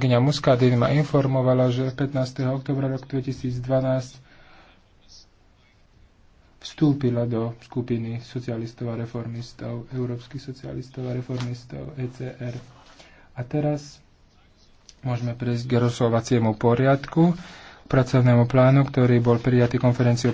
Kňa Muskadin ma informovala, že 15. oktobra roku 2012 vstúpila do skupiny socialistov a reformistov, európskych socialistov a reformistov ECR. A teraz môžeme prejsť k rozhovaciemu poriadku, pracovnému plánu, ktorý bol prijatý konferenciou